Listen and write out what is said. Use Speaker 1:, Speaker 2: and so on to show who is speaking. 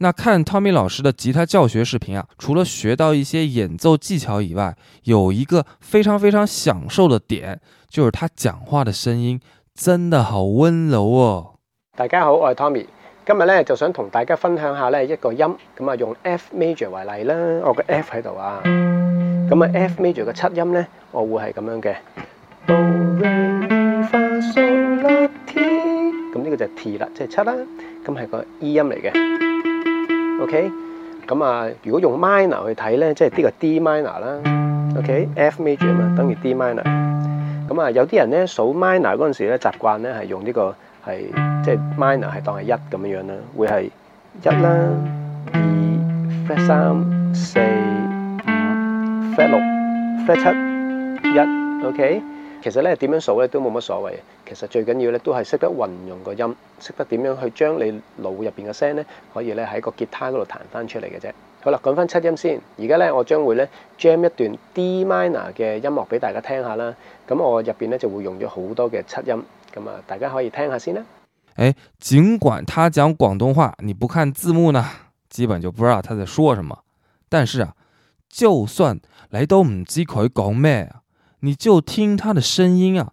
Speaker 1: 那看 Tommy 老師的吉他教學視頻啊，除了學到一些演奏技巧以外，有一個非常非常享受的點，就是他講話的聲音真的好溫柔哦。
Speaker 2: 大家好，我係 Tommy，今日咧就想同大家分享下咧一個音，咁啊用 F major 為例啦，我、哦、個 F 喺度啊，
Speaker 3: 咁啊
Speaker 2: F major 嘅七音咧，我會係咁樣嘅。咁呢 個就係 T 啦，即、就、係、是、七啦，咁係個 E 音嚟嘅。OK，咁啊，如果用 minor 去睇咧，即係呢個 D minor 啦。OK，F major 啊嘛，等於 D minor。咁啊，有啲人咧數 minor 嗰陣時咧，習慣咧係用呢個係即係 minor 係當係一咁樣樣啦，會係一啦，二、flat 三、四、五、flat 六、flat 七，一。OK，其實咧點樣數咧都冇乜所謂。其實最緊要咧，都係識得運用個音，識得點樣去將你腦入邊嘅聲咧，可以咧喺個吉他嗰度彈翻出嚟嘅啫。好啦，講翻七音先。而家咧，我將會咧 jam 一段 D minor 嘅音樂俾大家聽下啦。咁我入邊咧就會用咗好多嘅七音。咁啊，大家可以聽下先啦。
Speaker 1: 誒、哎，儘管他講廣東話，你不看字幕呢，基本就不知道他在說什麼。但是啊，就算你都唔知佢講咩啊，你就聽他的聲音啊。